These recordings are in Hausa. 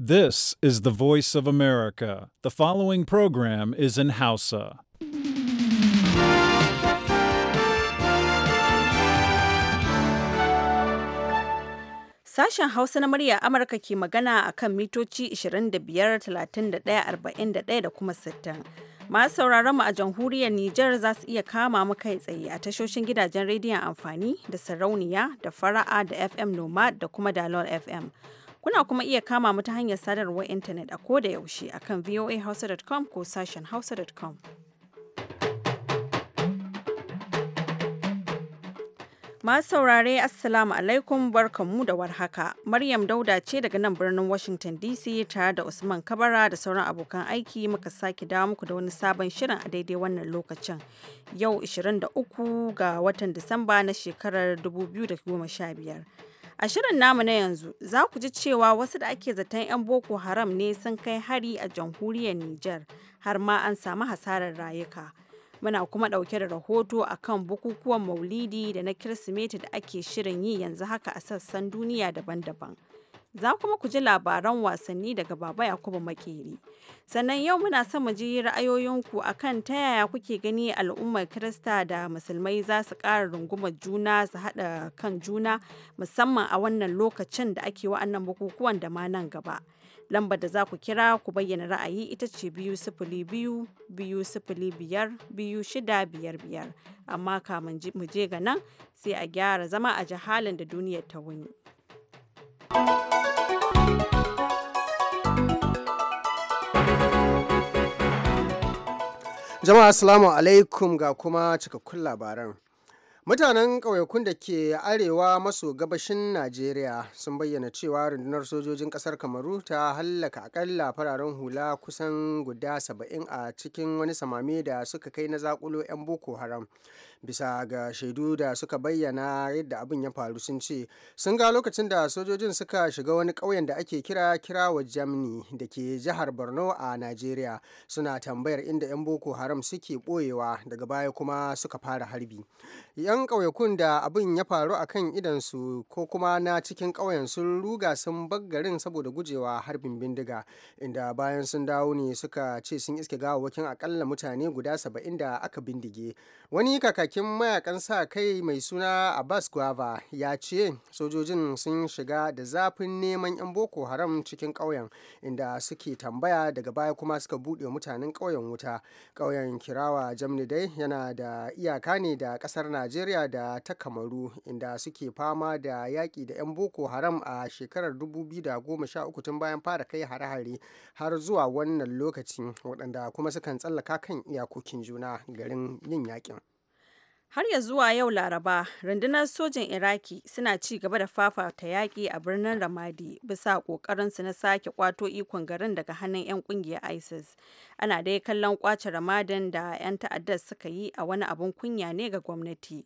This is the voice of America. The following program is in Hausa. Sashen Hausa na murya Amurka ke magana a kan mitoci 25, 31, 41 da kuma 60. Masu sauraron mu a jamhuriyar Nijar za su iya kama mu kai tsaye a tashoshin gidajen rediyon amfani da sarauniya da fara'a da FM Nomad da kuma Dalol FM. Kuna kuma iya kama mu ta hanyar sadarwar intanet a ko da yaushe akan voahausa.com ko sashen hausa.com. Masu saurare Assalamu alaikum barkanmu da warhaka. Maryam Dauda ce daga nan birnin Washington DC tare da Usman Kabara da sauran abokan aiki muka sake dawo muku da wani sabon shirin a daidai wannan lokacin. Yau 23 ga watan Disamba na shekarar 2015. A shirin namu na yanzu za ku ji cewa wasu da ake zaton 'yan Boko Haram ne sun kai hari a jamhuriyar Nijar har ma an samu hasarar rayuka. Muna kuma ɗauke da rahoto a kan bukukuwan Maulidi da na Kirsimeti da ake shirin yi yanzu haka a sassan duniya daban-daban. za kuma ku ji labaran wasanni daga Baba Yakubu Makeri. Sannan yau muna son mu ji ra'ayoyinku akan ta yaya kuke gani al'ummar Kirista da Musulmai za su ƙara rungumar juna su haɗa kan juna musamman a wannan lokacin da ake wa'annan bukukuwan da ma nan gaba. Lambar da za ku kira ku bayyana ra'ayi ita ce biyu sifili biyu biyu sifili biyar biyu shida biyar biyar amma kamun mu je ga nan sai a gyara zama a jihalin da duniyar ta wuni. Jama'a Assalamu alaikum ga kuma cikakkun labaran. Mutanen ƙauyakun da ke arewa maso gabashin Najeriya sun bayyana cewa rundunar sojojin ƙasar Kamaru ta hallaka akalla fararen hula kusan guda saba'in a cikin wani samame da suka kai na zakulo 'yan Boko Haram. bisa ga shaidu da suka bayyana yadda abin ya faru sun ce sun ga lokacin da sojojin suka shiga wani ƙauyen da ake kira kirawa jamni da ke jihar borno a nigeria suna tambayar inda 'yan boko haram suke ɓoyewa daga baya kuma suka fara harbi 'yan ƙauyakun da abin ya faru a kan idansu ko kuma na cikin ƙauyen sun ruga sun baggarin saboda gujewa harbin bindiga inda bayan sun dawo ne suka ce sun iske gawawwakin akalla mutane guda saba'in da aka bindige wani kaka. mataimakin mayakan sa kai mai suna abbas guava ya ce sojojin sun shiga da zafin neman 'yan boko haram cikin ƙauyen inda suke tambaya daga baya kuma suka buɗe mutanen ƙauyen wuta ƙauyen kirawa jamni dai yana da iyaka ne da ƙasar najeriya da ta kamaru inda suke fama da yaƙi da 'yan boko haram a shekarar 2013 tun bayan fara kai hare-hare har zuwa wannan lokacin waɗanda kuma sukan tsallaka kan iyakokin juna garin yin yaƙin Har ya zuwa yau Laraba, rundunar sojin Iraki suna ci gaba da fafata yaƙi a birnin Ramadi bisa su na sake ƙwato ikon garin daga hannun 'yan ƙungiyar ISIS. Ana dai kallon ƙwace Ramadin da 'yan ta'addar suka yi a wani abun kunya ne ga gwamnati.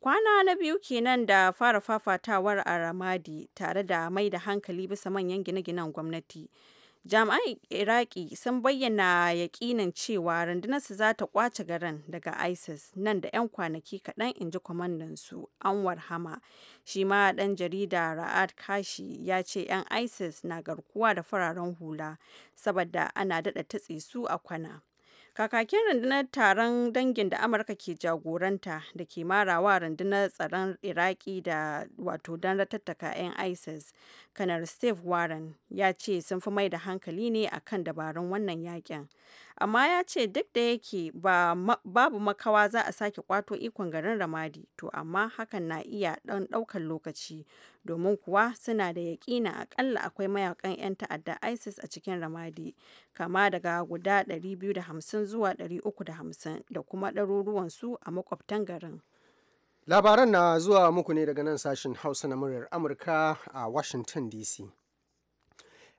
Kwana na biyu kenan da fara fafatawar a Ramadi tare da mai da hankali bisa manyan gine-ginen gwamnati. jami'an iraki sun bayyana yakinin cewa rundunarsu za ta kwace garin daga isis nan da 'yan kwanaki kaɗan in ji su anwar hama shi ma ɗan jarida ra'ad kashi ya ce 'yan isis na garkuwa da fararen hula saboda ana daɗa tatsi su a kwana Kakakin rundunar taron dangin da Amurka ke jagoranta da ke marawa rundunar tsaron Iraki da wato don ratattaka 'yan ISIS, kanar Steve Warren ya ce sun fi mai da hankali ne akan dabarun wannan yakin. amma ya ce duk da yake babu makawa za a sake kwato ikon garin ramadi to amma hakan na iya ɗan ɗaukar lokaci domin kuwa suna da yaƙina akalla akwai mayakan 'yan ta'adda isis a cikin ramadi kama daga guda 250 zuwa 350 da kuma ɗaruruwansu a makwabtan garin labaran na zuwa muku ne daga nan sashen hausa na muryar amurka a washington dc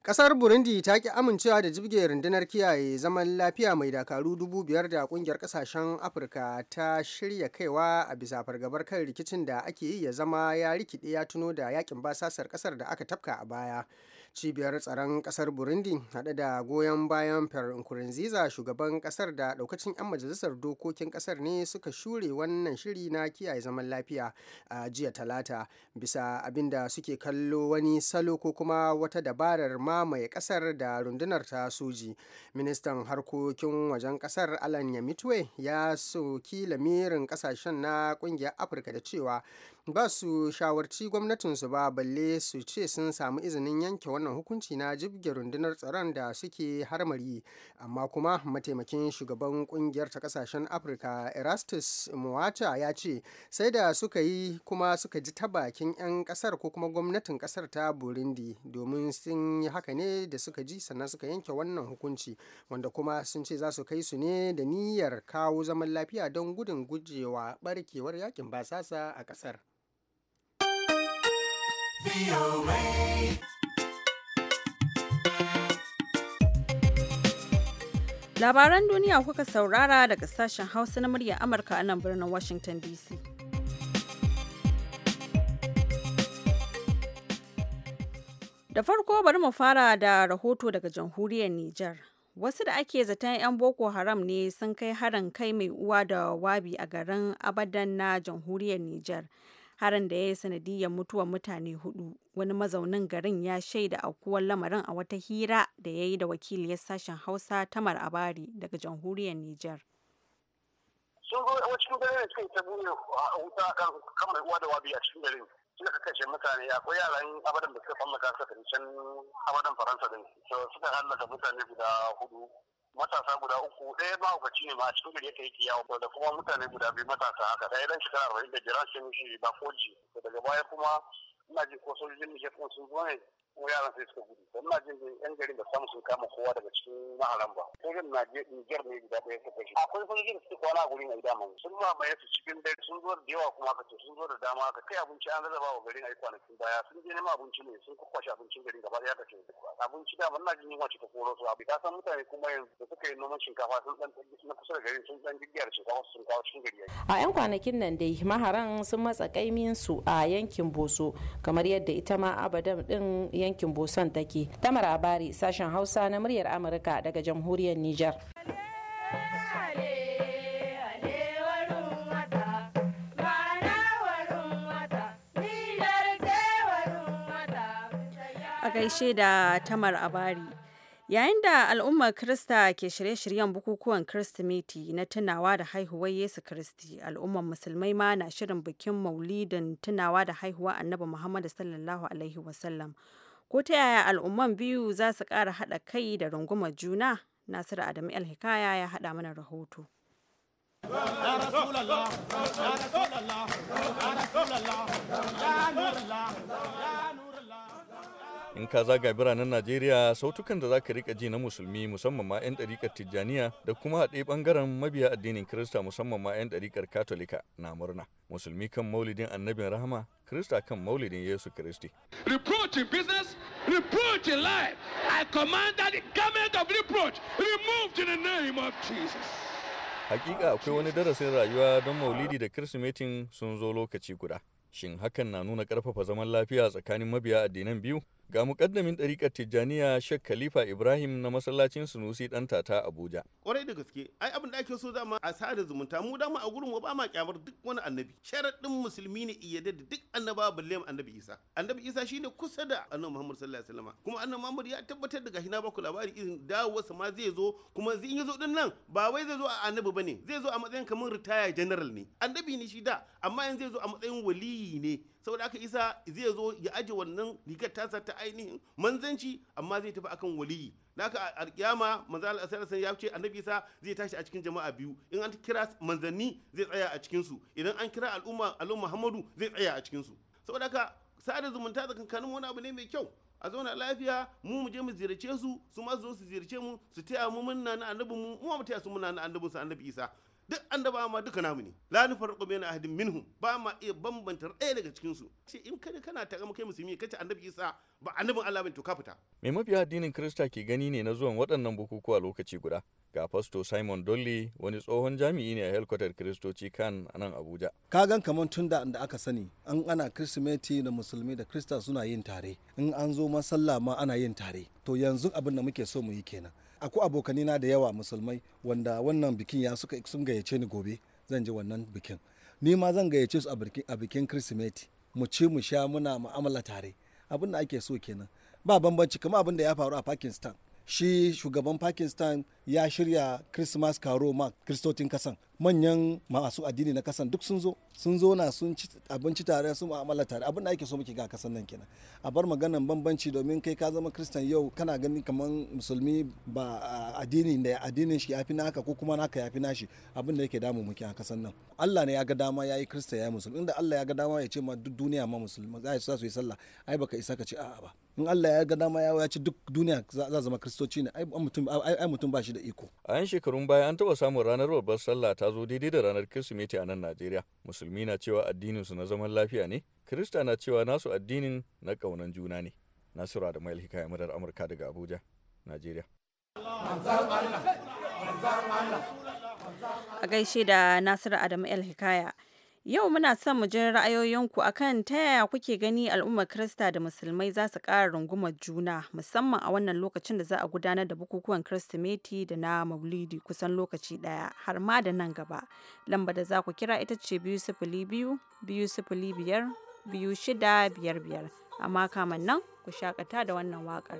Kasar Burundi ta ki amincewa da jibge rundunar kiyaye zaman lafiya mai dakaru dubu biyar da kungiyar kasashen Afirka ta shirya kaiwa a bisa fargabar kan rikicin da ake yi ya zama ya rikide ya tuno da yakin basasar kasar da aka tafka a baya. cibiyar tsaron kasar burundi haɗe da goyon bayan pierre nkurunziza shugaban kasar da ɗaukacin 'yan majalisar dokokin kasar ne suka shure wannan shiri na kiyaye zaman lafiya a jiya talata bisa abinda suke kallo wani salo ko kuma wata dabarar mamaye kasar da rundunar ta soji ministan harkokin wajen kasar alan yamitwe ya soki lamirin kasashen na kungiyar afirka da cewa ba su shawarci gwamnatinsu ba balle su ce sun samu izinin yanke wannan hukunci na jibge rundunar tsaron da suke harmari amma kuma mataimakin shugaban kungiyar ta kasashen afirka erastus muwata ya ce sai da suka yi kuma suka ji ta bakin 'yan kasar ko kuma gwamnatin kasar ta burundi domin sun yi haka ne da suka ji sannan suka yanke wannan hukunci wanda kuma sun ce za su kai su ne da niyyar kawo zaman lafiya don gudun gujewa barkewar yakin basasa a kasar Labaran duniya kuka saurara daga sashen Hausa na muryar Amurka a nan birnin Washington DC. Da farko bari mu fara da rahoto daga jamhuriyar Nijar. Wasu da ake zaton 'yan Boko Haram ne sun kai harin kai mai uwa da wabi a garin Abadan na jamhuriyar Nijar. harin da ya yi sanadiyar mutuwar mutane hudu wani mazaunin garin ya shaida aukuwar lamarin a wata hira da ya yi da wakiliyar sashen hausa tamar abari daga jamhuriyar niger sun zo a ta a wuta uwa da wabi a cikin kakashe mutane akwai yaran abadan da suka fama suka can abadan faransa din suka hallaka mutane guda hudu matasa guda uku ɗaya mahaukaci ne ma a cikin gari yake yi yawo da kuma mutane guda biyu matasa haka ɗaya dan shekara arba'in da jira shi ce mishi ba koji daga baya kuma ina ji ko sojojin kuma sun zo ne kuma yaran sai suka gudu don na jin yan garin da samu sun kama kowa daga cikin maharan ba sojin na jar ne guda ɗaya ta shi akwai sojin su kwana a gurin a gida mun sun mamaye su cikin dare sun zo da yawa kuma aka ce sun zo da dama aka kai abinci an zaba wa garin ai kwanakin baya sun je neman abinci ne sun kwakwashe abincin garin gaba ɗaya ka ce abinci da na jin yunwa ce ta koro su abu san mutane kuma yanzu da suka yi noman shinkafa sun dan na kusa da garin sun dan jirgiyar shinkafa sun kawo cikin gari a yan kwanakin nan dai maharan sun matsa kaimin su a yankin boso kamar yadda ita ma abadan din yankin boson take tamar abari sashen hausa na muryar amurka daga jamhuriyar niger a gaishe da tamar abari Yayin da al'ummar Kirista ke shirye-shiryen bukukuwan Kirsimeti na tunawa da haihuwar Yesu Kiristi, al'ummar Musulmai ma na shirin bikin Maulidin tunawa da haihuwa Annabi muhammadu sallallahu Alaihi wasallam Ko ta yaya al'umman biyu za su ƙara haɗa kai da rungumar juna? Nasiru Adamu Hikaya ya haɗa mana rahoto. in ka zaga biranen najeriya sautukan da za ka rika ji na musulmi musamman ma 'yan ɗariƙar tijjaniya da kuma haɗe ɓangaren mabiya addinin kirista musamman ma 'yan ɗarikar katolika na murna musulmi kan maulidin annabin rahama kirista kan maulidin yesu kiristi reproach in business reproach in life hakika akwai wani darasin rayuwa don maulidi da kirsimetin sun zo lokaci guda shin hakan na nuna karfafa zaman lafiya tsakanin mabiya addinan biyu Ga mukaddamin ɗariƙar Tijjaniya Sheikh Khalifa Ibrahim na masallacin Sunusi ɗan tata Abuja. Kwarai da gaske, ai abin da ake so dama a sada zumunta mu dama a gurin ba ma kyamar duk wani annabi. Sharaɗin musulmi ne iya da duk annaba balle annabi Isa. Annabi Isa shine kusa da annabi Muhammad sallallahu alaihi wasallam. Kuma annabi Muhammad ya tabbatar da gashi na baku labari irin dawowarsa ma zai zo kuma zai yi zo din nan ba wai zai zo a annabi bane zai zo a matsayin kamar ritaya general ne. Annabi ne shi da amma yanzu zai zo a matsayin waliyi ne. saboda aka isa zai zo ya aje wannan rigar tasa ta ainihin manzanci amma zai tafi akan waliyi naka alkiyama manzo Allah sallallahu ya ce annabi isa zai tashi a cikin jama'a biyu in an kira manzanni zai tsaya a cikin su idan an kira al'umma al'umma Muhammadu zai tsaya a cikin su saboda haka sada zumunta kankanin wani abu ne mai kyau a zauna lafiya mu mu je mu ziyarce su su ma su zo su ziyarce mu su taya mu munna na annabin mu mu mu taya su munna na annabin su annabi isa duk ba ma duka namu ne la nufarqu baina ahadin minhum ba ma iya bambanta ɗaya daga cikin su ce in kada kana ta ga kai musulmi kace annabi Isa ba annabin Allah bane to ka fita mai mafi addinin Kirista ke gani ne na zuwan waɗannan bukukuwa lokaci guda ga fasto Simon Dolly wani tsohon jami'i ne a helkwatar Kiristoci kan anan nan Abuja ka gan kaman tunda da aka sani an ana Kirsimeti da musulmi da Kirista suna yin tare in an zo masalla ma ana yin tare to yanzu abin da muke so mu yi kenan akwai na da yawa musulmai wanda wannan bikin ya suka sun gayyace ni gobe zan je wannan bikin ni ma zan gayyace su a bikin kirsimeti mu ci mu sha muna mu'amala tare abin da ake so kenan ba bambanci kamar abin da ya faru a pakistan shi shugaban pakistan ya shirya christmas karo ma kristotin kasan manyan masu addini na kasan duk sun zo sun zo na sun ci abinci tare sun mu'amala tare abin da ake so muke ga kasan nan kenan a bar maganan bambanci domin kai ka zama kristan yau kana gani kamar musulmi ba addini da addinin shi yafi naka ko kuma naka yafi nashi abin da yake damu muke a kasan nan Allah ne ya ga dama yayi kristan yayi musulmi inda Allah ya ga dama ya ce ma duk duniya ma musulmi za su yi sallah ai baka isa ka ce a'a ba in Allah ya ga dama ya ci duk duniya za zama kristoci ne ai mutum ba shi da iko a yan shekarun baya an taɓa samun ranar babbar sallah ta zo daidai da ranar kirsimeti a nan Najeriya musulmi na cewa addinin su na zaman lafiya ne kirista na cewa nasu addinin na kaunan juna ne nasura da mai hikaya madar amurka daga abuja najeriya a gaishe da nasiru adamu el hikaya Yau muna son mu ji ra'ayoyinku akan ta yaya kuke gani al'ummar Kirista da Musulmai za su ƙara rungumar juna musamman a wannan lokacin da za a gudanar da bukukuwan Kirsimeti da na Maulidi kusan lokaci ɗaya har ma da nan gaba. Lamba da za ku kira ita ce biyu sifili biyu biyu sifili biyar biyu shida biyar biyar amma kaman nan ku shakata da wannan waƙar.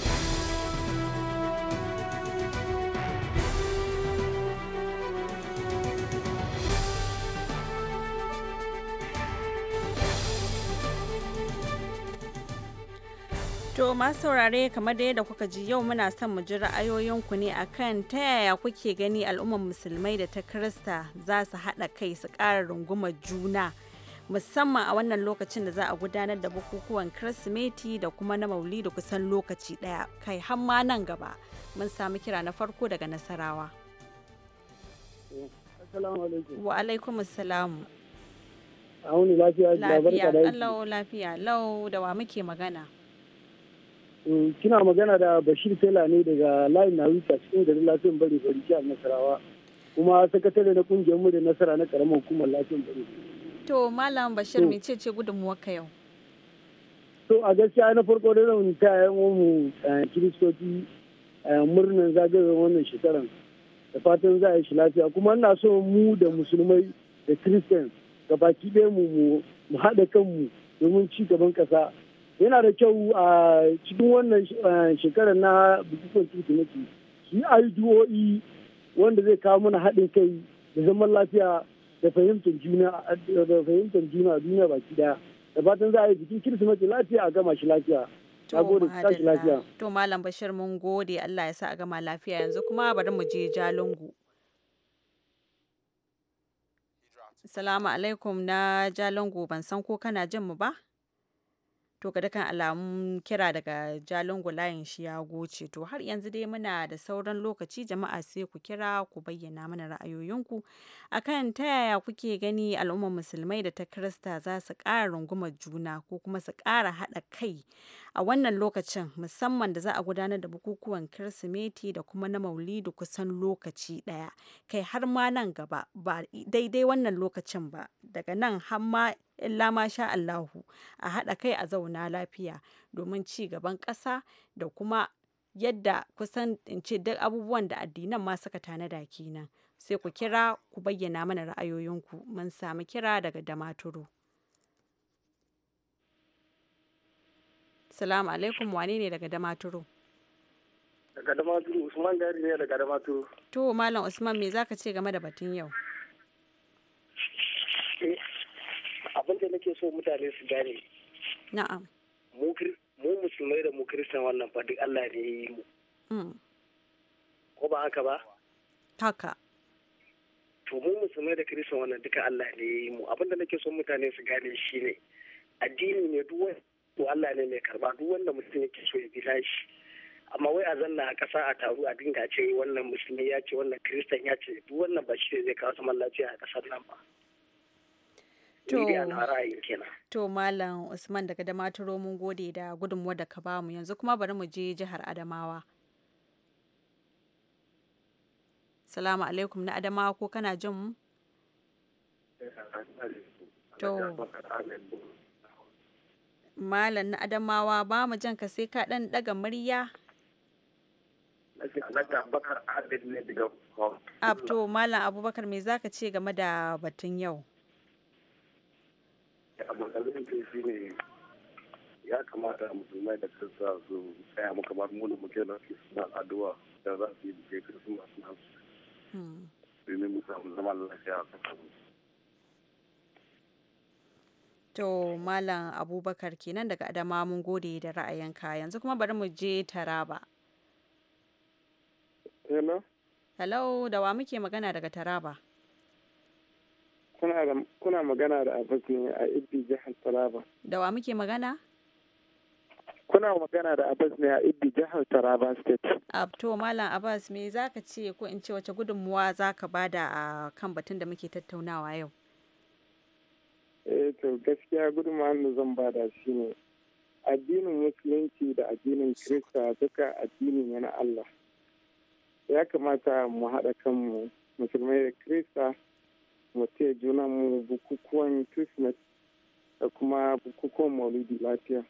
To masu saurare kamar da yadda kuka ji yau muna son mu ji ra'ayoyinku ne akan ta yaya kuke gani al'ummar musulmai da ta Kirista za su haɗa kai su ƙara rungumar juna musamman a wannan lokacin da za a gudanar da bukukuwan Kirsimeti da kuma na Maulidi kusan lokaci ɗaya kai har ma nan gaba mun samu kira na farko daga Nasarawa. Wa alaikum salamu. lafiya lafiya lau lafiya lau da wa muke magana. kina magana da bashir tela ne daga layin na wuce cikin garin lafiyan bari bari jihar nasarawa kuma sakatare na kungiyar mu da nasara na karamar hukumar lafiyan bari to malam bashir me ce ce gudunmuwar ka yau to a gaskiya na farko da zan ta yan mu eh, kiristoci eh, murnan zagayen wannan shekaran da fatan za a yi shi lafiya kuma ina so mu da musulmai da ga baki ɗaya mu mu haɗa kanmu domin ci gaban ƙasa yana da kyau a cikin wannan shekarar na bukukuwan kirsimeti shi addu'o'i wanda zai kawo mana haɗin kai da zaman lafiya da fahimtar juna da fahimtar juna duniya baki daya da fatan za a yi bikin kirsimeti lafiya a gama shi lafiya to malam bashir mun gode Allah ya sa a gama lafiya yanzu kuma bari mu je jalungu salamu alaikum na jalungu ban san ko kana jin mu ba to ga dukkan alamun kira daga jalingo layin shi ya goce to har yanzu dai muna da sauran lokaci jama'a sai ku kira ku bayyana mana ra'ayoyinku akan ta yaya kuke gani al'ummar musulmai da ta kirista za su ƙara rungumar juna ko kuma su ƙara haɗa kai a wannan lokacin musamman da za a gudanar da bukukuwan kirsimeti da kuma na maulidi kusan lokaci ɗaya kai har ma nan gaba ba daidai wannan lokacin ba daga nan har ma illa sha Allahu a haɗa kai a zauna lafiya domin ci gaban ƙasa da kuma yadda kusan in ce duk abubuwan da addinan ma suka tanada kenan sai ku kira ku bayyana mana ra'ayoyinku mun sami kira daga damaturu salamu alaikum wane ne daga damaturu daga damaturu usman gari ne daga damaturu to malam usman me zaka ce game da batun yau eh, abin da nake so mutane su gane na'am mu musulmai da mu kristan wannan fa duk Allah ne ya yi mu mm. ko ba haka ba haka to mu musulmai da kristan wannan duka Allah ne ya yi mu abin da nake so mutane su gane shine addini ne duk wani to Allah ne mai karba duk wanda mutum yake so ya bi shi amma wai a zanna a ƙasa a taru a dinga ce wannan musulmi ya ce wannan kristan ya ce duk wannan ba shi zai kawo zaman lafiya a ƙasar nan ba To Malam Usman daga maturo mun gode da gudunmuwa da ka bamu yanzu kuma bari mu je jihar Adamawa. Salamu alaikum na Adamawa ko kana jin mu? To. Malam na Adamawa ba mu jan ka sai ka ɗan ɗaga murya Abto Malam Abubakar me zaka ce game da batun yau? abokanin shi ne ya kamata musulmai da kirista su tsaya mu kamar mu da muke da su suna addu'a da za su yi bikin kirsimeti na su hmm. domin mu samu zaman lafiya a tsakanin To Malam Abubakar kenan daga Adama mun gode da ra'ayinka yanzu kuma bari mu je Taraba. Hello. Hello, da wa muke magana daga Taraba? kuna magana da Abbas ne a Ibbi jihar Taraba. Da wa muke magana? Kuna magana da Abbas ne a Ibbi jihar Taraba State. Abto Malam Abbas me zaka ce ko in ce wace gudunmuwa zaka bada a kan batun da muke tattaunawa yau? Eh to gaskiya gudunmuwa da zan bada shine addinin musulunci da addinin Kirista duka addini ne na Allah. Ya kamata mu haɗa kanmu musulmai da Kirista mu taya juna mu bukukuwan Christmas da kuma bukukuwan Maulidi lafiya.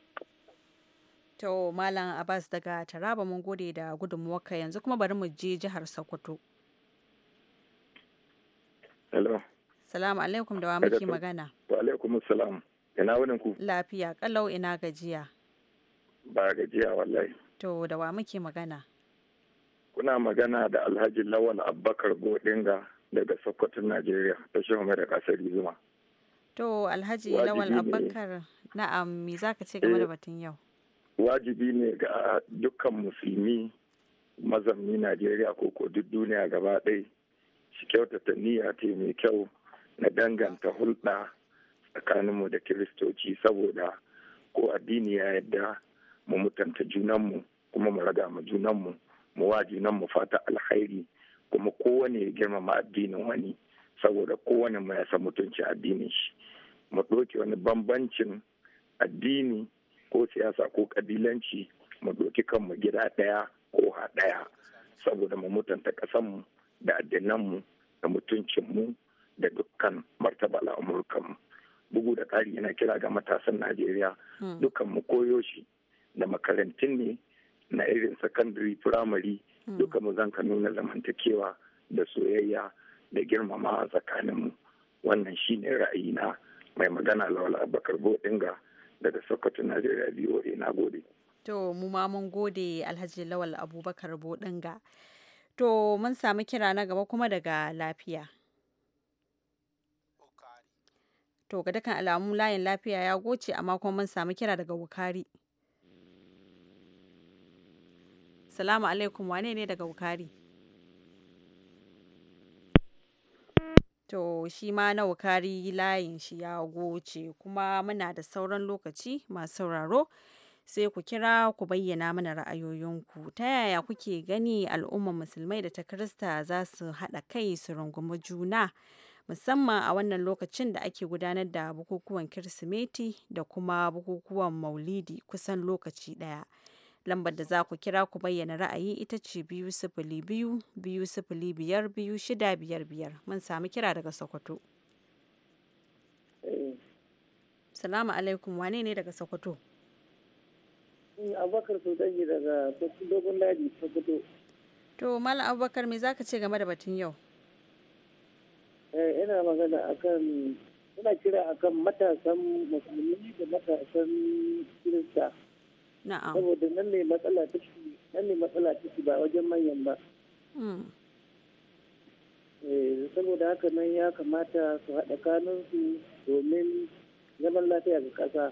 To Malam Abbas daga Taraba mun gode da gudunmuwarka yanzu kuma bari mu je jihar Sokoto. Hello. Salamu alaikum da wa muke magana. Wa alaikum salam. Ina wurin ku? Lafiya kalau ina gajiya. Ba gajiya wallahi. To da wa muke magana? kuna magana da alhaji lawal abubakar godinga daga sokoto najeriya ta shehu da kasar zuma to alhaji lawal abubakar na'am me za ka ce game da eh, batun yau wajibi ne ga dukkan musulmi mazamni najeriya ko ko duk duniya gaba ɗaya shi kyautata niyya ce mai kyau na danganta hulɗa tsakaninmu da kiristoci saboda ko addini ya yadda mu mutanta junanmu kuma mu raga ma junanmu mu wa junan mu fata alkhairi kuma kowane ya girmama addinin wani saboda kowane mu ya san mutunci addinin shi mu ɗauke wani bambancin addini ko siyasa ko kabilanci mu ɗauki kanmu gida ɗaya ko ha ɗaya saboda mu mutunta ƙasanmu da addinanmu da mutuncinmu da dukkan martaba al'amurkanmu bugu da ƙari yana kira ga matasan najeriya hmm. dukkan mu koyo shi da makarantun ne na irin sakandare primary hmm. duka mu zan ka nuna zamantakewa da soyayya da girmama a tsakaninmu wannan shine ra'ayina mai magana lawal abubakar bodinga daga sokoto najeriya voa na gode to mu ma mun gode alhaji lawal abubakar bodinga to mun samu kira na gaba kuma daga lafiya to ga dukkan alamun layin lafiya ya goce amma kuma mun samu kira daga wukari Assalamu alaikum wane ne daga Wukari? To shi ma na Wukari layin shi ya goce kuma muna da sauran lokaci masu sauraro sai ku kira ku bayyana mana ra'ayoyinku ta yaya kuke gani al'ummar musulmai da ta Kirista za su haɗa kai su rungumi juna musamman a wannan lokacin da ake gudanar da bukukuwan Kirsimeti da kuma bukukuwan Maulidi kusan lokaci ɗaya. Lambar da za ku kira ku bayyana ra'ayi ita ce biyu sifili biyu biyu sifili biyar biyu shida biyar biyar. Mun sami kira daga Sokoto. Eh. Salamu alaikum wane ne daga Sokoto? Eh, Abubakar sun Sotanji daga Dogon Daji Sokoto. To Malam Abubakar me zaka ce game da batun yau? Eh, ina magana akan ina kira akan matasan musulmi da matasan kirista. saboda nan ne matsala shi, nan ne matsala shi ba wajen manyan ba hmm. eh, saboda haka nan ya kamata su haɗa kanunsu domin zaman lafiya ga ƙasa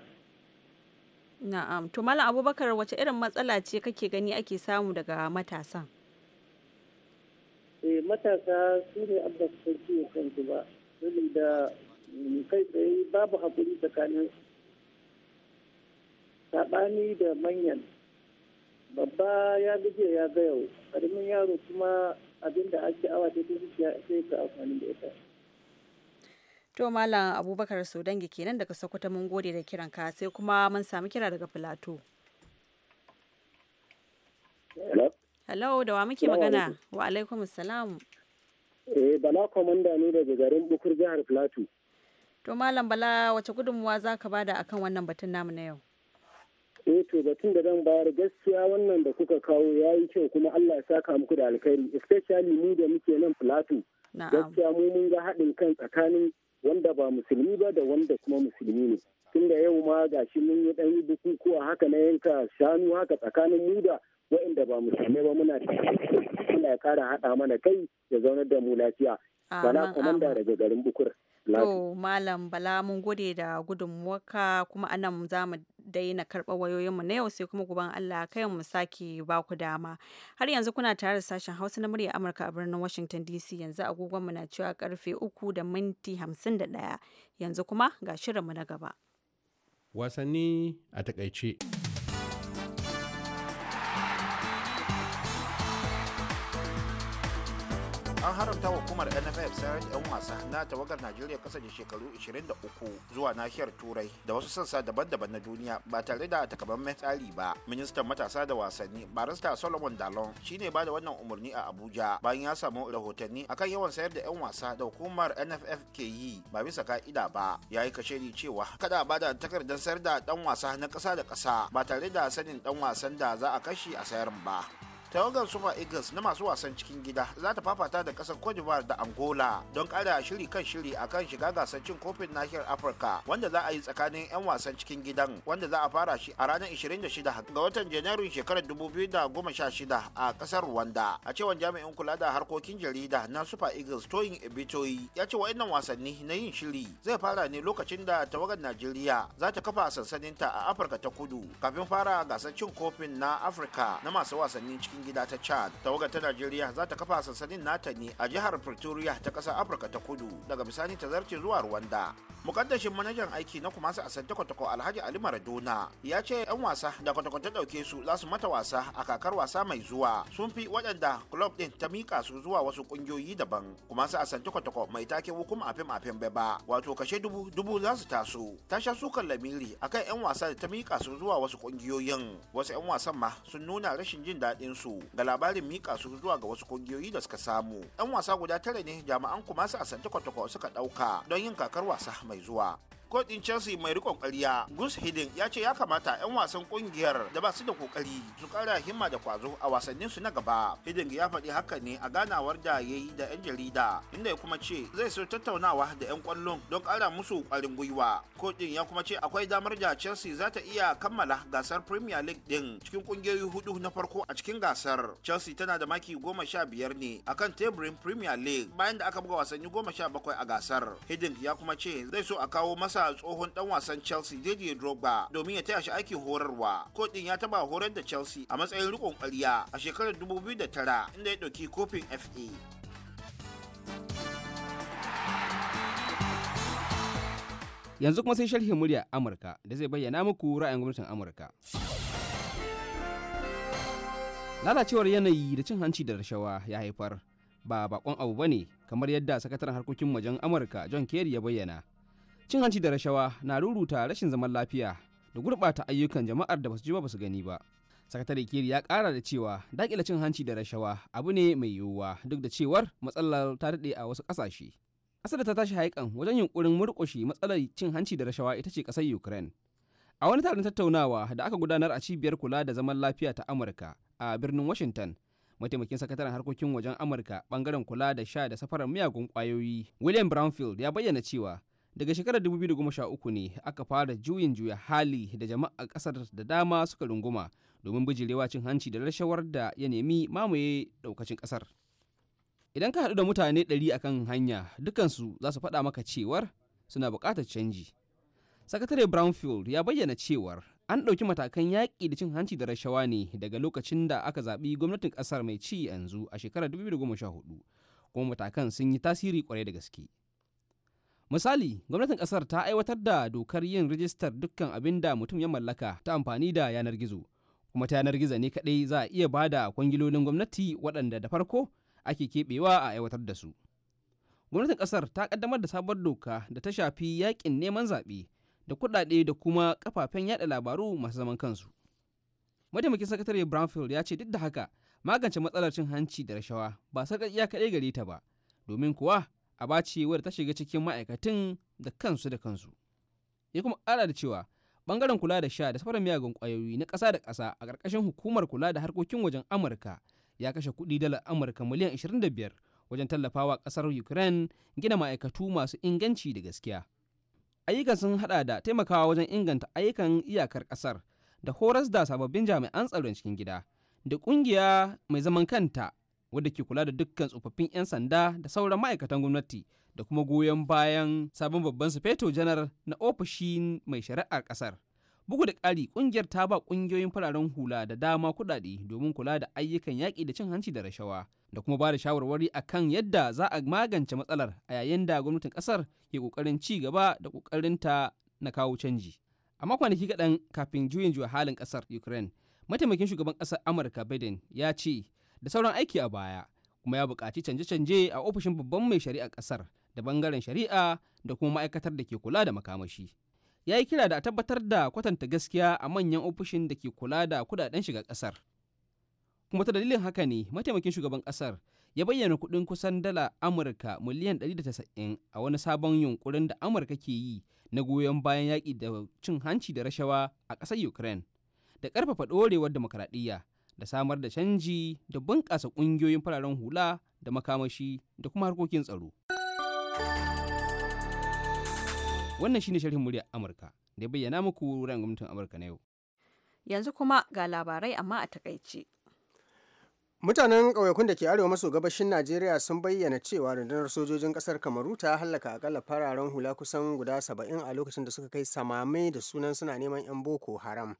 na'am to malam abubakar wace irin matsala ce kake gani ake samu daga matasan eh matasa su ne abda su kansu ba saboda mm, kai tsaye babu haƙuri tsakanin sabani da manyan babba ya gaje ya ga yau yaro kuma abinda ake awa ta zuciya sai ka amfani da ita to malam abubakar sodangi kenan daga sokoto mun gode da kiran ka sai kuma mun samu kira daga filato hello da wa muke magana wa alaikum salam eh bala komanda ne daga garin bukur jihar filato to malam bala wace gudunmuwa za ka bada akan wannan batun namu na yau eh to batun da zan bayar gaskiya wannan da kuka kawo ya yi kyau kuma Allah ya saka muku da alkhairi especially mu da muke nan plateau gaskiya mu mun ga haɗin kan tsakanin wanda ba musulmi ba da wanda kuma musulmi ne tunda yau ma ga shi mun yi ɗan bukukuwa haka na yanka shanu haka tsakanin mu da waɗanda ba musulmi ba muna Allah ya kara haɗa mana kai ya zaunar da mu lafiya bala komanda daga garin bukur Oh, Malam Bala mun gode da gudunmuwarka kuma anan za mu daina karɓar wayoyinmu na yau sai kuma guban Allah kai mu sake ba ku dama. Har yanzu kuna tare da sashen Hausa na murya Amurka a birnin Washington DC yanzu agogon mu na cewa karfe uku da minti hamsin da ɗaya. Yanzu kuma ga shirinmu na gaba. Wasanni a takaice. an haramta hukumar nff sayar da 'yan wasa na tawagar najeriya kasa da shekaru 23 zuwa nahiyar turai da wasu sassa daban-daban na duniya ba tare da takamaiman tsari ba ministan matasa da wasanni barista solomon dalon shine ba da wannan umarni a abuja bayan ya samu rahotanni akan yawan sayar da 'yan wasa da hukumar nff ke yi ba bisa ka'ida ba ya yi kashedi cewa kada ba da takardar sayar da dan wasa na kasa da kasa ba tare da sanin dan wasan da za a kashi a sayar ba tawagar super eagles na masu wasan cikin gida za ta fafata da kasar cote d'ivoire da angola don kara shiri kan shiri akan shiga gasar cin kofin nahiyar afirka wanda za a yi tsakanin 'yan wasan cikin gidan wanda za a fara shi a ranar 26 ga watan janairun shekarar 2016 a kasar rwanda a cewar jami'in kula da harkokin jarida na super eagles toyin ebitoyi ya ce wa'annan wasanni na yin shiri zai fara ne lokacin da tawagar najeriya za ta kafa sansaninta a afirka ta kudu kafin fara gasar cin kofin na afirka na masu wasannin cikin cikin gida ta chad tawagar ta najeriya za ta kafa sansanin nata ne a jihar pretoria ta ƙasar afirka ta kudu daga bisani ta zarce zuwa rwanda mukaddashin manajan aiki na kumasa a santa kwatakwa alhaji ali maradona ya ce yan wasa da kwatakwata ta ɗauke su za su mata wasa a kakar wasa mai zuwa sun fi waɗanda club ɗin ta mika su zuwa wasu ƙungiyoyi daban kuma a santa kwatakwa mai take hukuma a a fim bai ba wato kashe dubu dubu za su taso ta sha sukan lamiri akan yan wasa da ta mika su zuwa wasu ƙungiyoyin wasu yan wasan ma sun nuna rashin jin daɗin su su ga labarin mika su zuwa ga wasu kungiyoyi da suka samu Ɗan wasa guda tare ne jami'an kumasi a asanti kwatakwa suka ɗauka. don yin kakar wasa mai zuwa Koɗin chelsea mai rikon kwariya gus hidden ya ce ya kamata 'yan wasan kungiyar da ba su da kokari su kara himma da kwazo a wasannin su na gaba hidden ya faɗi haka ne a ganawar da ya yi da 'yan jarida inda ya kuma ce zai so tattaunawa da 'yan kwallon don kara musu kwarin gwiwa kotin ya kuma ce akwai damar da chelsea za ta iya kammala gasar premier league din cikin kungiyoyi hudu na farko a cikin gasar chelsea tana da maki goma sha biyar ne akan teburin premier league bayan da aka buga wasanni goma sha bakwai a gasar hidden ya kuma ce zai so a kawo masa sa tsohon dan wasan Chelsea Didier Drogba domin ya taya shi aikin horarwa. Ko ɗin ya taba horar da Chelsea a matsayin rikon kwarya a shekarar 2009 inda ya dauki kofin FA. Yanzu kuma sai sharhin murya Amurka da zai bayyana muku ra'ayin gwamnatin Amurka. Lalacewar yanayi da cin hanci da rashawa ya haifar ba bakon abu bane kamar yadda sakataren harkokin wajen Amurka John Kerry ya bayyana cin hanci da rashawa na ruruta rashin zaman lafiya da gurɓata ayyukan jama'ar da basu ji ba basu gani ba sakatare kiri ya ƙara da cewa daƙila cin hanci da rashawa abu ne mai yiwuwa duk da cewar matsalar ta daɗe a wasu ƙasashe asada ta tashi haikan wajen yunkurin murƙushe matsalar cin hanci da rashawa ita ce ƙasar ukraine a wani taron tattaunawa da aka gudanar a cibiyar kula da zaman lafiya ta amurka a birnin washington mataimakin sakataren harkokin wajen amurka bangaren kula da sha da safarar miyagun kwayoyi william brownfield ya bayyana cewa daga shekarar 2013 ne aka fara juyin juya hali da jama'a kasar da dama suka runguma domin bijirewa cin hanci da rashawar da ya nemi mamaye daukacin kasar idan ka haɗu da mutane 100 akan hanya dukansu za su faɗa maka cewar suna buƙatar canji sakatare brownfield ya bayyana cewar an ɗauki matakan yaƙi da cin hanci da rashawa ne daga lokacin da aka zaɓi gwamnatin ƙasar mai ci yanzu a shekarar 2014 kuma matakan sun yi tasiri kwarai da gaske misali gwamnatin kasar ta aiwatar da dokar yin rijistar dukkan abin da mutum ya mallaka ta amfani da yanar gizo kuma ta yanar gizo ne kadai za a iya ba da kwangilolin gwamnati waɗanda da farko ake keɓewa a aiwatar da su gwamnatin kasar ta kaddamar da sabuwar doka da ta shafi yakin neman zaɓe da kuɗaɗe da kuma kafafen yaɗa labaru masu zaman kansu mataimakin sakatare brownfield ya ce duk da haka magance matsalar cin hanci da rashawa ba sarƙaƙiya kaɗai gare ta ba domin kuwa aba ce wadda ta shiga cikin ma'aikatan da kansu da kansu ya kuma ƙara da cewa bangaren kula da sha da safarar miyagun ƙwayoyi na ƙasa da ƙasa a ƙarƙashin hukumar kula da harkokin wajen amurka ya kashe kuɗi dalar amurka miliyan 25 wajen tallafawa ƙasar ukraine gina ma'aikatu masu inganci da gaskiya ayyukan sun haɗa da taimakawa wajen inganta ayyukan iyakar ƙasar da horas da sababbin jami'an tsaron cikin gida da ƙungiya mai zaman kanta wadda ke kula da dukkan tsofaffin 'yan sanda da sauran ma'aikatan gwamnati da kuma goyon bayan sabon babban sufeto janar na ofishin mai shari'ar kasar bugu da ƙari ƙungiyar ta ba ƙungiyoyin fararen hula da dama kuɗaɗe domin kula da ayyukan yaƙi da cin hanci da rashawa da kuma ba da shawarwari a kan yadda za a magance matsalar a yayin da gwamnatin ƙasar ke ƙoƙarin ci gaba da ƙoƙarinta na kawo canji a makwanaki kaɗan kafin juyin juya halin ƙasar ukraine mataimakin shugaban ƙasar amurka biden ya ce da sauran aiki a baya kuma ya buƙaci canje-canje a ofishin babban mai shari'a ƙasar da bangaren shari'a da kuma ma'aikatar da ke kula da makamashi ya yi kira da a tabbatar da kwatanta gaskiya a manyan ofishin da ke kula da kudaden shiga ƙasar kuma ta dalilin haka ne mataimakin shugaban ƙasar ya bayyana kuɗin kusan dala amurka miliyan 190 a wani sabon yunkurin da amurka ke yi na goyon bayan yaƙi da cin hanci da rashawa a ƙasar ukraine da ƙarfafa ɗorewar demokaradiyya da samar da canji da bunƙasa ƙungiyoyin fararen hula da makamashi da kuma harkokin tsaro. Wannan shine sharhin muryar Amurka da ya bayyana muku ran gwamnatin Amurka na yau. Yanzu kuma ga labarai amma a takaice. Mutanen ƙauyakun da ke arewa maso gabashin Najeriya sun bayyana cewa rundunar sojojin ƙasar Kamaru ta hallaka akalla fararen hula kusan guda saba'in a lokacin da suka kai samame da sunan suna neman 'yan Boko Haram.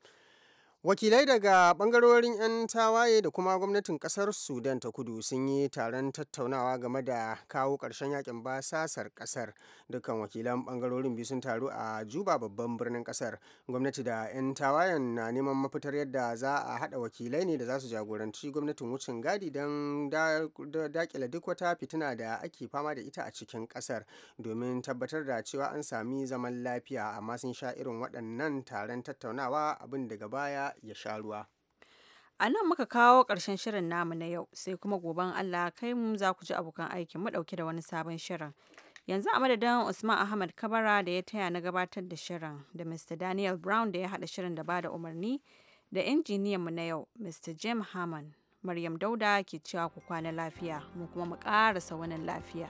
Wakilai daga bangarorin 'yan tawaye da kuma gwamnatin kasar Sudan ta kudu sun yi taron tattaunawa game da kawo karshen yakin basasar kasar. Dukkan wakilan bangarorin biyu sun taru a Juba babban birnin kasar. Gwamnati da 'yan tawayen na neman mafitar yadda za a haɗa wakilai ne da za su jagoranci gwamnatin wucin gadi don dakila duk wata fitina da ake fama da ita a cikin kasar domin tabbatar da cewa an sami zaman lafiya amma sun sha irin waɗannan taron tattaunawa abin daga baya ya sha ruwa a nan muka kawo ƙarshen shirin namu na yau sai kuma goben allah kai mu za ku ji abokan aikin mu ɗauke da wani sabon shirin yanzu a madadin usman ahmad kabara da ya taya na gabatar da shirin da mr daniel brown da ya haɗa shirin da bada umarni da injiniyan mu na yau mr jim hammond maryam dauda ke cewa ku kwana lafiya mu kuma mu ƙarasa wani lafiya